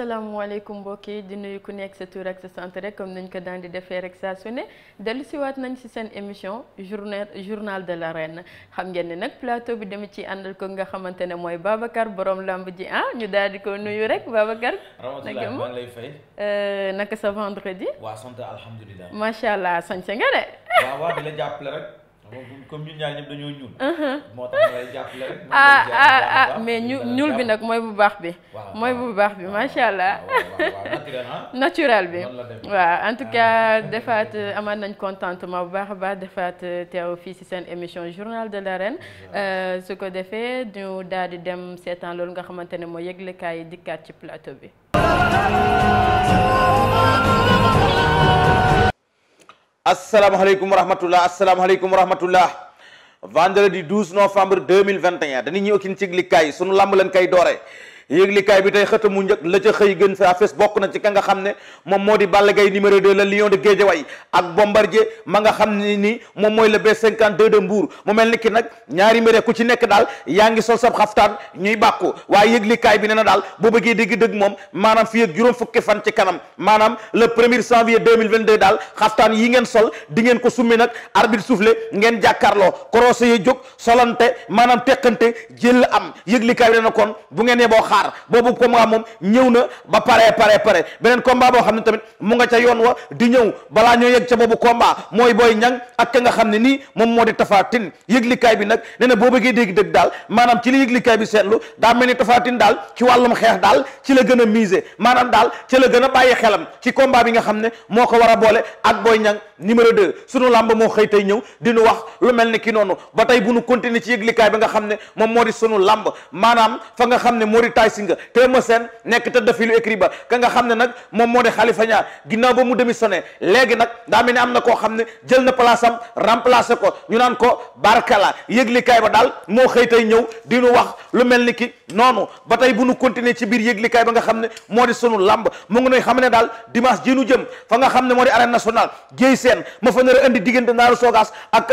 asalaamaaleykum mbokk yi di nuyu ku nekk sa tur ak sa sant rek comme nañ ko daan di defee rek saa su ne dellu waat nañ si seen émission journal journal de l'arène xam ngeen ne nag plateau bi dama ci àndal ko nga xamante ne mooy Babacar borom lamb ji ah ñu daal di ko nuyu rek Babacar. rawatina maa ngi lay fay euh, naka sa vendredi. waaw sant alhamdulilah. macha allah sant nga de. waaw waaw di la jàppale rek. comme uh-huh. ah, ah ah ah mais ñu ñuul bi nag mooy bu baax bi. mooy bu baax bi macha allah. naturel bi. waaw en tout ah. cas defaat amaat nañ contentement bu baax a baax defaat teew fii si seen émission journal de l'arène euh, su ko defee ñu daal di dem seetaan loolu nga xamante ne mooy yëglekaay yi dikkaat ci plateau bi. asalaamaaleykum wa rahmatullah asalaamaaleykum wa rahmatullah vendredi 12 novembre 2021 dañuy ñëw ak ci yëglikaay sunu làmb leen kay doore yëglikaay bi tey xëtamu njëkk la ca xëy gën saa fes bokk na ci ka nga xam ne moom moo di Balla Gaye numéro 2 la lion de Guédiawaye ak Bombardier ma nga xam ne ni moom mooy le B52 de Mbour mu mel ni ki nag ñaari mbir ku ci nekk daal yaa ngi sol sab xaftaan ñuy bàkku waaye yëglikaay bi nee na daal boo bëggee dégg dëgg moom maanaam fii ak juróom fukki fan ci kanam maanaam le premier janvier 2022 daal xaftaan yi ngeen sol di ngeen ko summi nag arbitre soufflé ngeen jàkkaarloo korose yi jóg solante maanaam teqante jël am yëglikaay bi waar boobu combat moom ñëw na ba pare pare pare beneen combat boo xam ne tamit mu nga ca yoon wa di ñëw balaa ñoo yegg ca boobu combat mooy Boy Niang ak ka nga xam ne nii bi nag nee na boo bëggee dégg dëgg daal maanaam ci li yëglikaay bi seetlu daa mel ni Tapha Tine daal ci wàllum xeex daal ci la gën a miser maanaam daal ci la gën a bi nga xam ne moo ko war a boole ak Boy Niang numéro 2 sunu làmb moo xëy tey ñëw di nu wax lu mel ni ki noonu ba tey bu nu continuer ci yëglikaay bi nga xam ne moom moo di sunu làmb maanaam fa nga xam ne moo di taay Baye Singa te Eumeu Sène nekk tëdd fi lu écrit ba ka nga xam ne nag moom moo di Khalifa Niang ginnaaw ba mu démissionné léegi nag daa mel ni am na koo xam ne jël na place am ko ñu naan ko barkala yëglikaay ba daal moo xëy tey ñëw di nu wax lu mel ni ki noonu ba tey bu nu continuer ci biir yëglikaay ba nga xam ne moo di sunu lamb mu ngi nuy xam ne daal dimanche ji nu jëm fa nga xam ne moo di arène nationale jéy seen ma fa nar a indi diggante naaru soogaas ak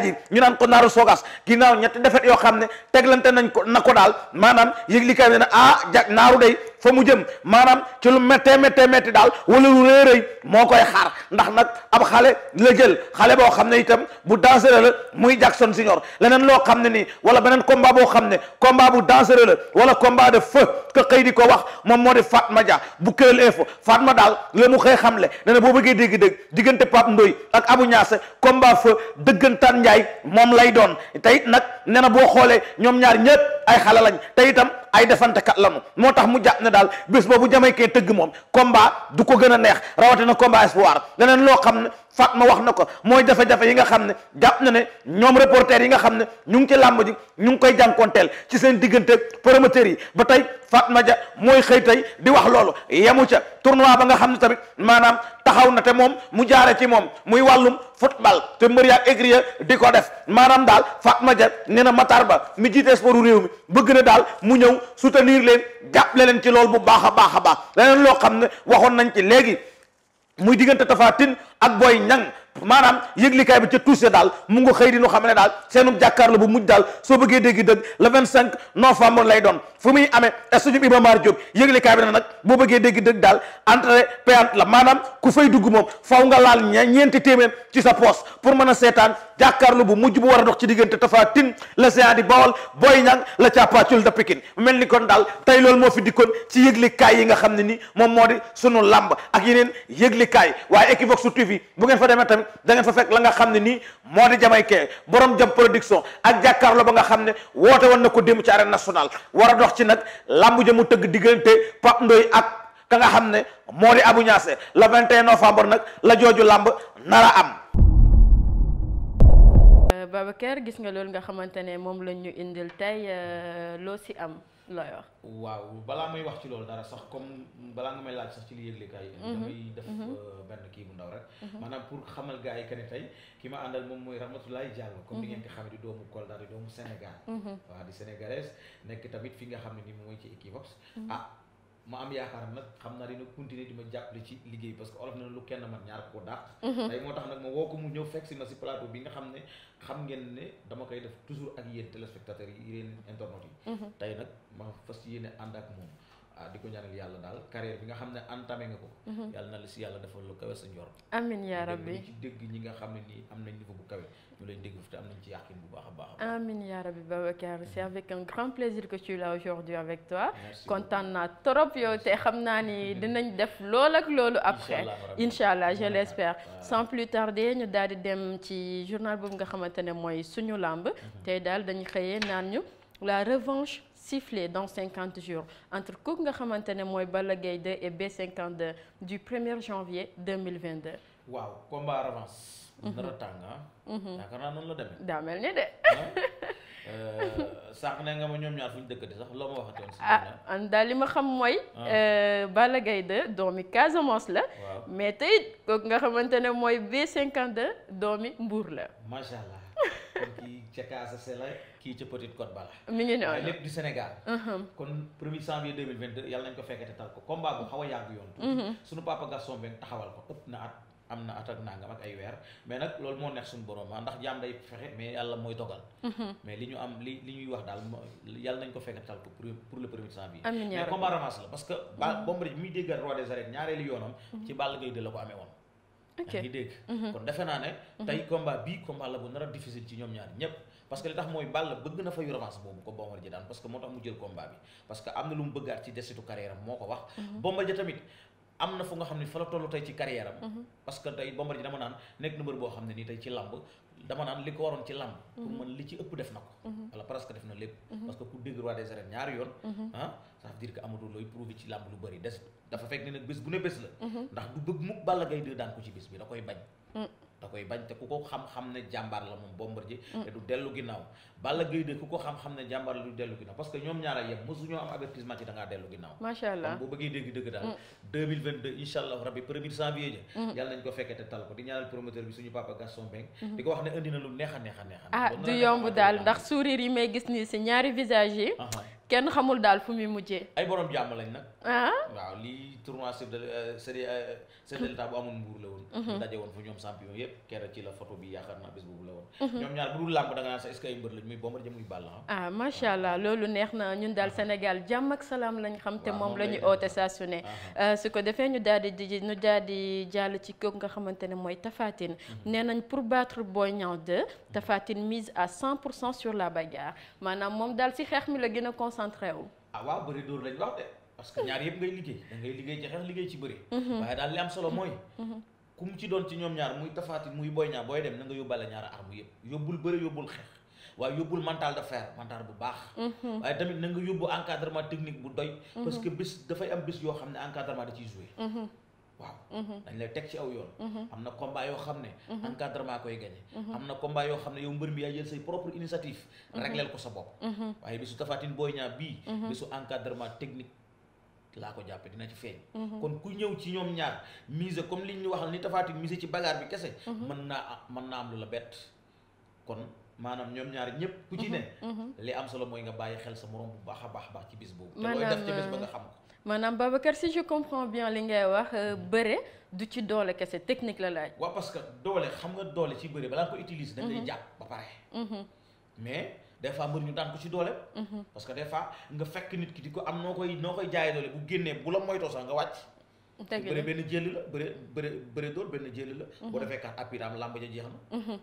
tay ji ñu naan ko naaru sogas ginnaaw ñetti defet yoo xam ne teglante nañ ko na ko daal maanaam yëg li kay ne ah ja naaru day fa mu jëm maanaam ci lu méttee méttee métti daal wala lu rëy rëy moo koy xaar ndax nag ab xale la jël xale boo xam ne itam bu dangereux la muy Jackson Senior leneen loo xam ne nii wala beneen combat boo xam ne combat bu dangereux la wala combat de feu que xëy di ko wax moom moo di Fatma Dia bu këral info ma daal la mu xëy xamle ne ne boo bëggee dégg-dégg diggante Pape Ndoye ak abu Niasse combat feu dëggantaan Njaay moom lay doon tey nag nee na boo xoolee ñoom ñaar ñëpp ay xale lañ te itam ay defantekat lañu moo tax mu jàpp ne daal bés boobu jamaykee tëgg moom combat du ko gën a neex rawatina combat espoir leneen loo xam ne Fatma wax na ko mooy jafe-jafe yi nga xam ne jàpp na ne ñoom reporter yi nga xam ne ñu ngi ci làmb ji ñu ngi koy jànkoonteel ci seen diggante promoteurs yi ba tey ma ja mooy xëy tey di wax loolu yemu ca tournoi ba nga xam ne tamit maanaam taxaw na te moom mu jaare ci moom muy wàllum football te mbër yaa di ko def maanaam daal Fatma Dia nee na Matar Ba mi jiite sportu réew mi bëgg na daal mu ñëw soutenir leen jàppale leen ci loolu bu baax a baax a baax leneen loo xam ne waxoon nañ ci léegi muy diggante Tapha Tine ak Boy Niang maanaam yëglikaay bi ca touché daal mu nga xëy di nu xam ne daal seenum jàkkaarloo bu mujj daal soo bëggee dégg dëgg le vingt cinq novembre lay doon fu muy amee stade Iba Mar Diop yëglikaay bi nag boo bëggee dégg dëgg daal entrée payante la maanaam ku fay dugg moom faw nga laal ñeenti téeméer ci sa poos pour mën a seetaan jàkkaarlu bu mujj bu war a dox ci diggante Tapha Tine la géant di Bawol Boy Niang la càppaacul da Pikine mel ni kon daal tey loolu moo fi kon ci yëglikaay yi nga xam ne nii moom moo di sunu làmb ak yeneen yëglikaay waaye Equivox TV bu ngeen fa demee tamit da fa fekk la nga xam ne nii moo di jamaykee borom jam production ak jàkkaarloo ba nga xam ne woote woon na ko démb ci arène national war a dox ci nag làmb ja tëgg diggante Pape Ndoye ka nga xam ne moo di Abou Niasse le nag la jooju làmb nara am Babacar gis nga loolu nga xamante ne moom la ñu indil tey euh, loo si am looy wax. waaw balaa may wax ci loolu dara sax comme balaa nga may laaj sax ci li yëglekaay. Mhm, damay def mhm. euh, benn kii bu ndaw rek. Mhm. maanaam pour xamal gaa yi ka ne tey ki ma àndal moom mooy Ramatoulaye Diallo. comme ni ngeen ko xamee di doomu Kolda di doomu Sénégal. waaw di sénégalaise nekk tamit fi nga xam ne nii mooy ci Equivox ah. ma am yaakaar nag xam naa dina continuer di ma jàppale ci liggéey parce que olof na lu kenn man ñaar ko dàq mhm. tey moo tax nag ma woo ko mu ñëw fekk si ma si plateau bi nga xam ne xam ngeen ne dama koy def toujours ak yéen téléspectateurs yi yéen internautes yi mhm. tey nag ma fas yéene ànd ak moom ah di ko ñaanal yàlla daal carrière bi nga xam ne entamé nga ko. Mhm. yàlla na la si yàlla defal lu kawe sa njor. amiin yaa rabbi dégg ci xam am nañ niveau bu kawe ñu lay a baax. amiin yaa rabbi Babacar c'est avec un grand plaisir que tu es aujourd'hui avec toi. kontaan naa trop yow te xam naa ni dinañ def loolu ak loolu après. incha allah je l'espère sans plus tarder ñu daal di dem ci journal boobu nga xamante ne mooy suñu làmb. Mhm. tey daal dañu xëyee naan ñu la revanche. siffler dans 50 jours entre kooku nga xamante ne mooy Balla Gaye 2 et B52 du 1er janvier waaw combat revanche. Mhm. dara tàng ah. Mhm. ni de. Ah. Euh, sànq ne nga ma ñoom ñaar fu ñu dëkkati sax loo ma waxatoon si. Ah. Ah, daal li ma xam mooy. Euh, Balla Gaye 2 doomi Casamance la. mais tey kooku nga xamante ne mooy B52 doomi Mbour la. macha ca Casamance la kii ca Petite Côte Bala. mi ngi a lépp du Sénégal. Uh-huh. kon premier janvier deux mille vingt deux yàlla nañ ko fekkete tal ko combat bu xaw a yàgg yoon. Uh-huh. sunu papa Gaston Mbengue taxawal ko ëpp na at. am na at ak nangam ak ay weer mais nag loolu moo neex suñu borom ndax jaam day fexe mais yàlla mooy dogal. Uh-huh. mais li ñu am li ñuy wax daal yàlla nañ ko fekkatal ko pour pour premier temps bi. am na mais la parce que. ba Bombardier bi muy déggal roi de la ko ok yaa mhm. kon defe naa ne. Mhm. tey combat bii combat la bu nar a difficile ci ñoom ñaar ñëpp. parce li tax mooy Balla bëgg na fayu revanche boobu ko Bombardier daan parce moo tax mu jël combat bi parce am na lu mu bëggaat ci desitu carrière moo ko wax. Mhm. Bombardier tamit am na fu nga xam ne fa la toll tey ci carrière am mhm. parce que tey Bombardier dama naan nekk numéro boo xam ne nii tey ci làmb dama naan li ko waroon ci làmb mhm. pour man li ci ëpp def na ko mhm. wala presque def na lépp parce que ku dégg roi des arènes ñaari yoon ah ça veut dire looy prouvé ci làmb lu bëri des dafa fekk ne nag bés bu ne bés la ndax du bëgg mukk Balla Gaye 2 daan ko ci bés bi da koy bañ mm. da koy bañ te ku ko xam-xam ne jàmbaar la moom bomb mm. te du dellu ginnaaw Balla Gaye de ku ko xam-xam ne jàmbaar la du dellu ginnaaw parce que ñoom ñaara yem mosu ñoo am avertissement ci da ngaa dellu ginnaaw macha allah boo bëggee dégg dëgg daal 2022 mm. incha allah rabbi premier janvier ja mm. yàlla nañ ko fekkee te tal di ñaanal promoteur bi suñu papa Gaston Mbengue mm-hmm. di ko wax ne indi na lu neex a neex a neex ah du yomb daal ndax sourire ñaari visage yi kenn xamul daal fu muy mujjee. ay borom jàmm lañ nag. Ah? waaw lii tournoi chef euh, bu amoon mbuur la woon. ñu mhm. daje woon fa ñoom champion yëpp keroog ci la photo bi yaakaar naa bés boobu la woon. Mhm. ñoom ñaar bu dul làmb da nga sax ay mbër lañ muy Bombardier ah, ah macha allah loolu neex na ñun daal ah. Sénégal jàmm ak salaam lañ xam te moom la ñu oote saa su euh, su ko defee ñu daal di ñu daal di jàll ci kooku nga xamante ne mooy tafaatin mhm. nee nañ pour battre Boy Niang 2 Tafatine mise à 100 pour cent sur la bagarre a concentré wu. ah waaw bëri dóor lañ wax de parce que ñaar yëpp ngay liggéey da ngay liggéey ci xeex liggéey ci bëri. Mhm. waaye daal li am solo mooy. Mhm. ku mu ci doon ci ñoom ñaar muy tafaati muy boy ñaar booy dem na yóbbaale ñaar arme yëpp yóbbul bëri yóbbul xeex waaye yóbbul mental de fer mental bu baax. Mhm. waaye tamit na nga yóbbu encadrement technique bu doy. parce bés dafay am bés yoo xam ne encadrement da ciy joué. waaw mhm. dañ lay teg ci aw yoon mhm. am na combat yoo xam ne mhm. encadrement koy gagné am na combat yoo xam ne yow mbër mi yaa jël say propre initiative régleel ko sa bopp waaye bisu tafaatin booy ñaa bii bisu encadrement technique laa ko jàppe dina ci feeñ kon ku ñëw ci ñoom ñaar mise comme li ñu waxal ni tafaatin mise ci bagaar bi kese mën naa mën naa am lu la bett kon maanaam ñoom ñaar ñëpp ku ci ne li am solo mooy nga bàyyi xel sa morom bu baax a baax baax maanaam Babacar si je comprends bien li ngay wax euh, bëre du ci doole kese technique la laaj. waaw parce que doole xam nga doole ci bëre balaa nga ko utiliser. da ngay mhm. jàpp ba pare. Mhm. mais des fois mbër ñu daan ko ci doole. Mhm. parce que des fois nga fekk nit ki di ko am noo koy noo koy jaayee doole bu génnee bu la moytoo sax nga wàcc. dëgg la bëre benn jëli la bëre bëre bëre dool benn jëli la. boo defee kat appui daam làmb ja jeex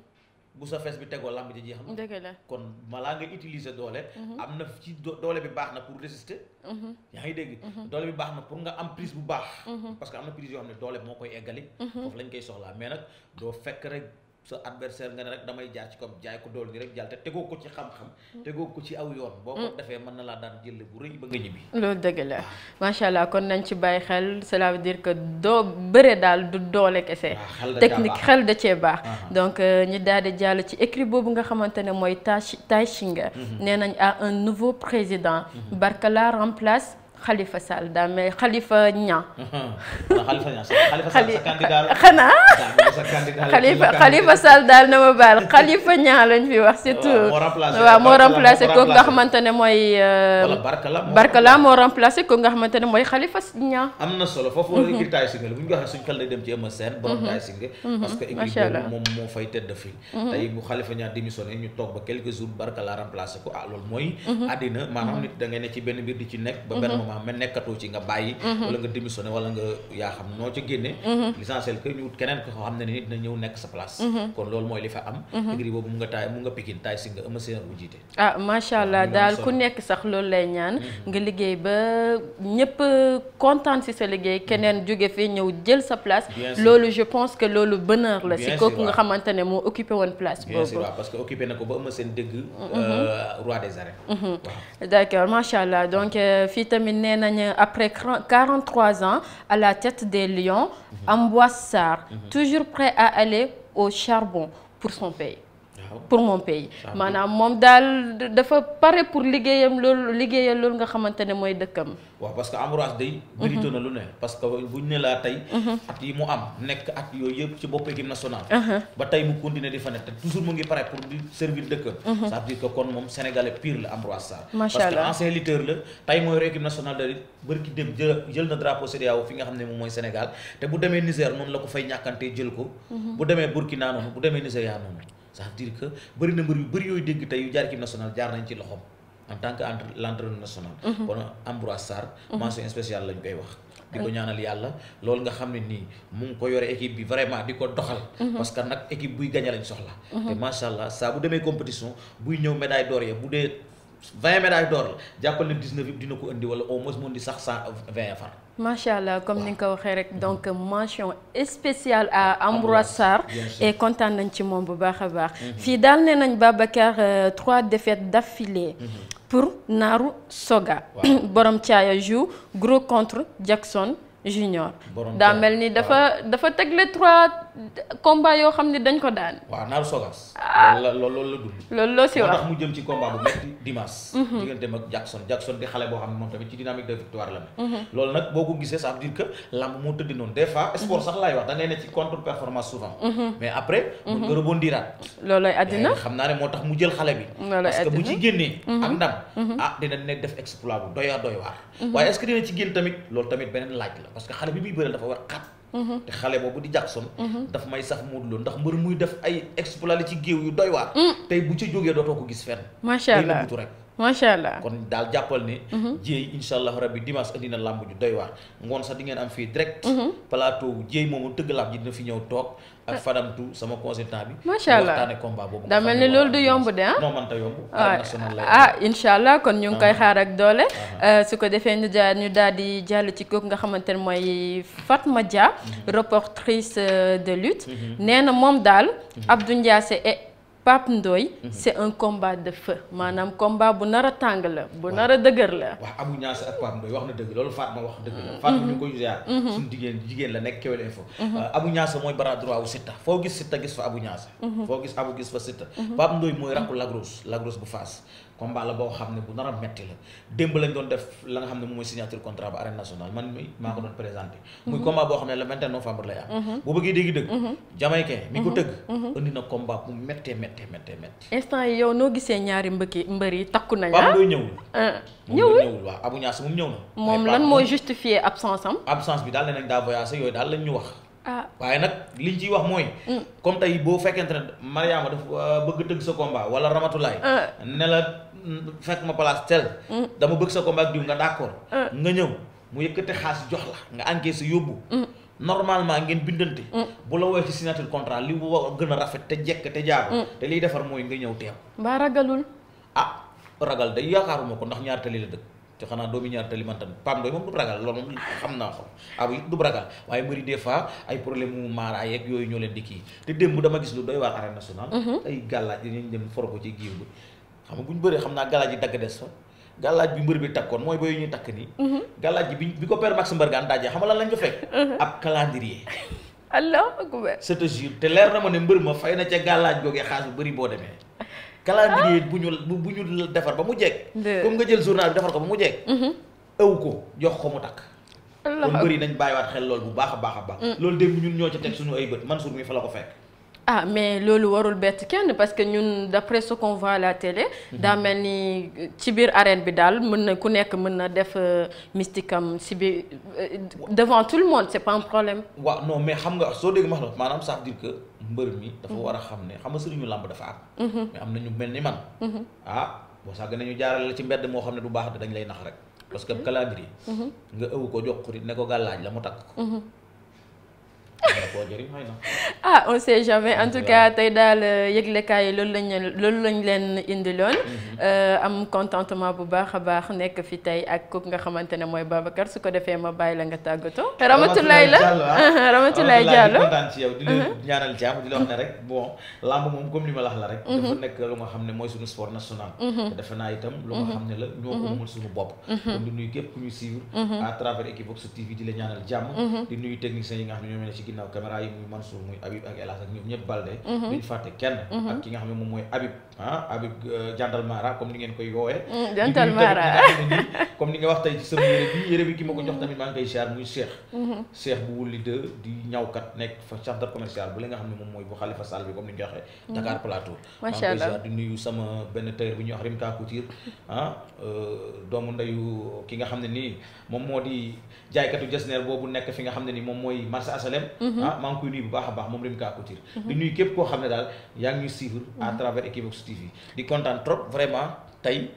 bu sa fees bi tegoo lamb ji jeex na. dëgg la kon malaa nga utiliser doole. Mhm. am na ci doole bi baax na pour résister. Mhm. yaa ngi dégg. Mhm. doole bi baax na pour nga am prise bu baax. parce que am na prise yoo xam ne doole moo koy eggali. foofu lañ koy soxlaa mais nag doo fekk rek. sa adversaire nga ne rek damay jaar ci comme jaay ko dool ni rek jàll te tegoo ko ci xam-xam tegoo ko ci aw yoon boo ko mm. defee mën na laa daan jël bu rëy ba nga ñibbi loolu dëgg la ah. macha allah kon nañ ci bàyyi xel cela veut dire que doo bëre daal du doole kese ah, technique xel da cee baax ah. donc euh, ñi daal di jàll ci écrit boobu nga xamante ne mooy Tai Shinga mm-hmm. nee nañ à un nouveau président mm-hmm. Barkala remplace Khalifa Sall daa mel Khalifa Niang. Khalifa Niang Khalifa Sall sa candidat la xanaa. Khalifa Khalifa Sall daal na ma baal Khalifa Niang lañ fi wax surtout. waaw moo remplacé kooku euh, nga xamante ne mooy. wala Barkala moo Barkala moo remplacé kooku nga xamante am na solo foofu la ngir taay singa bu ñu xel day dem ci Eumeu Sène borom mhm. taay singa. Mhm, parce que équipe moom moo fay tëdd fii. Mhm. tey bu Khalifa Niang démissionné ñu toog ba quelques jours Barkala remplacé ko ah loolu mooy. àddina maanaam nit da ne ci benn mbir di ci nekk ba benn moment vraiment même nekkatoo ci nga bàyyi mhm. wala nga démissionné wala nga yaa xam noo ci génne mhm. l'essentiel que ñu wut keneen ko xam ne ni dina ñëw nekk sa place mhm. kon loolu mooy li fa am nga taay mu nga Pikine seen bu ah, ba ñëpp kontaan si sa liggéey keneen jóge fee ñëw sa place loolu je pense que loolu bonheur la si kooku nga ne moo occupé woon place boobu waaw parce que occupé seen dëgg euh, roi des allah donc euh, fii tamit nee nañ après 43 ans à la tête des Lions mhm. Ambroise Sarr mhm. toujours prêt à aller au charbon pour son pour mon pays maanaam moom daal dafa pare pour liggéeyam loolu liggéeyal loolu nga xamante mooy dëkkam waaw parce que day mhm. mérite na lu ne parce que ne laa tey mhm. mu am nekk at yooyu ci bopp équipe nationale uh-huh. ba tey mu continuer di fa nekk te toujours mu ngi pare pour di servir dëkkam mhm. ça dire que kon moom sénégalais que da bëri ki dem jël na drapeau CEDEAO fi nga xam ne moom mooy Sénégal te bu demee Niger noonu la ko fay ñàkkante jël ko bu demee Burkina noonu ça veut dire que bëri na mbër yu bëri yooyu dégg tey yu jaar équipe nationale jaar nañ ci loxoom en tant que entre l' entraîneur national. Mhm. kon Ambroise Sarr. Mhm. mention spéciale lañ koy wax. di ko ñaanal yàlla loolu nga xam ne nii mu ngi ko yore équipe bi vraiment di ko doxal. Mhm. parce nag équipe buy gagné lañ soxla. te macha allah saa bu demee compétition buy ñëw médaille d'or ya bu dee. vingt médailles d'or la jàppal ne dix-neuf dina ko indi wala o moins mu indi sax cent macha allah comme ni nga ko waxee rek donc mention spéciale à Ambroise Sarr et kontaan nañ ci moom bu baax a baax mhm. fii daal ne nañ Babacar euh, trois défaites d'affilée mhm. pour naaru Soga borom Thiaya joue gros contre Jackson junior. daa mel ni dafa dafa teg les trois combats yoo xam ni dañ ko daan. waaw naaru sogas. Ah. loolu la dund. loolu loo si wax tax mu jëm ci combat bu métti Dimas. Mhm. boo xam ne moom tamit mhm. loolu nag boo ko gisee ça veut dire que lamb moo tëdd noonu des fois sport sax laay wax da ne ci contre performance souvent. Mhm. mais après. mun nga rebondiraat. loolooy àddina xam naa ne moo tax mu jël xale bi. loolooy àddina parce que ne ah, def exploit bu doy waar doy waar. waaye est-ce que dina ci génn loolu tamit beneen laaj parce que xale bi muy bëreel dafa war xat mhm. te xale boobu di Jackson mhm. daf may sax Modou Lo ndax mbër muy def ay exploit ci géew yu doy waar mm. tey bu ci jógee dootoo ko gis fenn macha allah butu rek macha allah kon daal jàppal ne. Mhm. jéey incha allah rabbi dimanche andi na ju doy waar. ngoon sax di ngeen am fii direct. Mhm. plateau bu jéey moomu tëgg làmb ji dina fi ñëw toog. ak ah. Fadamtu sama consultant bi. macha allah waxtaane combat boobu. daa mel ni loolu du yomb de ah. non ah, ah, allah kon ñu ngi koy xaar ak doole. Euh, su ko defee ñu daal ñu daal di jàll ci kook nga xamante ne mooy Fatma Dia. Mhm. reportrice euh, de lutte. nee na moom daal Abdou Ndiasse Pape Ndoye mhm. c'est un combat de feu maanaam combat bu nar a tàng la bu nar a dëgër la waaw Abou Niass ak Pape Ndoye wax na dëgg loolu Fatma wax dëgg la mhm. Fatma ñu mhm. ngi koy ziar suñu jigéen jigéen la nekk Kewel Info euh, Abou Niass mooy bras droit wu foo gis Siteu gis fa Abou Niass foo gis Abou gis fa Siteu Pape mooy rakku Lac Rose bu Fass combat la boo xam ne bu nar a metti la démb lañ doon def la nga xam ne moom mooy signature contrat ba arène nationale man mi maa ko mhm. doon présenté mhm. muy combat boo xam ne le 21 novembre lay am mhm. boo bëggee dégg dëgg jamaïcain mi ko tëgg indi na combat bu méttee méttee méttee instant yi yow noo gisee ñaari mbëkki mbër takku nañ am ah, looy ñëwul ñëwul ñëwul waaw abu ñaas moom ñëw na moom lan mooy justifier absence am absence bi daal ne nañ daa voyagé yooyu Ah. waaye nag liñ ciy wax mooy. Mm. comme tey boo fekkente ne Mariama dafa euh, bëgg tëgg sa combat wala Ramatulaay. Ah. nela la mm, fekk ma place tel. Mm. dama bëgg sa combat ak diw nga d'accord. Ah. nga ñëw mu yëkkate xaas jox la nga encaisse sa yóbbu. normalement ngeen bindante. bu la woowee ci signature contrat li bu gën a rafet te jekk te jaabu. te liy defar mooy nga ñëw teew. mbaa ragalul. ah ragal day yaakaaruma ko ndax ñaar tali la dëkk. te xanaa doomi ñaar tali man tamit Pape moom du ragal loolu moom xam naa ko abu ah du ragal waaye bëri des fois ay problème mu maara yooyu ñoo leen di kii te démb dama gis lu doy waar arène nationale mhm. ay gàllaaj dañuy dem for ko ci giiw bi bu ñu bëree xam naa gàllaaj yi dagg des fa gàllaaj bi mbër bi takkoon mooy booy ñuy takk nii mhm. gàllaaj ji bi bi ko père Max Mbargane daajee xam nga lan lañ ko fekk mhm. ab calendrier allah akbar c'est te jure te leer na ma ne mbër ma fay na ca gàllaaj googee xaas bu bëri boo demee calendrier ah. bu ñu bu ñu defar ba mu jekk comme nga jël journal bi defar ko ba mu jekk ëw mhm. ko jox ko mu takk kon bëri nañ bàyyiwaat xel loolu bu baax a baax a baax mm. loolu démb ñun ñoo ca teg suñu ay bët Mansour mi fa la ko fekk ah mais loolu warul bett kenn parce que ñun d'après ce qu'on voit à la télé. Mhm. daa mel ni ci biir arène bi daal mën na ku nekk mën na def euh, mystique am si biir euh, devant tout le monde c'est pas un problème. waaw ouais, non mais xam nga soo dégg ma xam maanaam ça veut dire que mbër mi. dafa mhm. war a xam ne xam nga sëriñu làmb dafa am. Mhm. mais am na ñu mel ni man. ah boo sàgg nañu jaarale la ci mbedd moo xam ne du baax dañ lay nax rek. parce que calendrier. nga ëw ko jox ko ne ah on sait jamais en tout cas tey daal euh, yëglekaay yi loolu lañ loolu lañ leen indiloon. Mhm. Euh, am contentement bu baax a baax nekk fi tey ak kooku nga xamante ne mooy Babacar su ko defee ma bàyyi la nga tàggatoo. Ramatoulaye la Ramatoulaye Diallo ah. kontaan ci yow di leen mhm. ñaanal jàmm di la wax ne rek bon lamb moom comme li ma la wax la rek. Mhm. dafa nekk lu nga xam ne mooy suñu sport national. defe naa itam lu nga xam ne la ñoo ko mën suñu bopp. kon di nuyu képp ku ñu suivre. à travers TV di la ñaanal jàmm. di nuyu techniciens yi nga xam ne ñoo mel ne ci ginnaaw caméra yi muy Mansour muy Habib ak El Hadj ak ñoom Balde. Mhm. duñ fàtte kenn. Mhm. ak ki nga xam ne moom mooy Habib ah Habib Jantal euh, mhm, ni nga wax tey ci sama yére bi yére bi ki ma ko nekk fa la nga xam ne moom mooy bu Khalifa Sall bi comme ni ñu ko waxee. Ah, euh, ki nga xam ne nii moom moo di jaaykatu jasneer boobu nekk fi nga xam ne ni moom mooy marché asalem Mm-hmm. ah maa ngi koy nuyu bu baax a baax moom Rémi Ka Couture mm-hmm. di nuyu képp koo xam ne daal yaa ngi ñu suivre à mm-hmm. travers Equivox TV di kontaan trop vraiment tey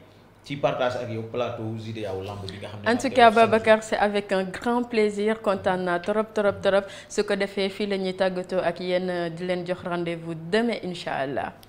ci partage ak yow plateau Zidea wu lamb bi nga xam ne en tout cas Babacar c'est avec un grand plaisir kontaan naa trop trop trop su ko defee fii la ñuy tàggatoo ak yéen di leen jox rendez-vous demain incha allah.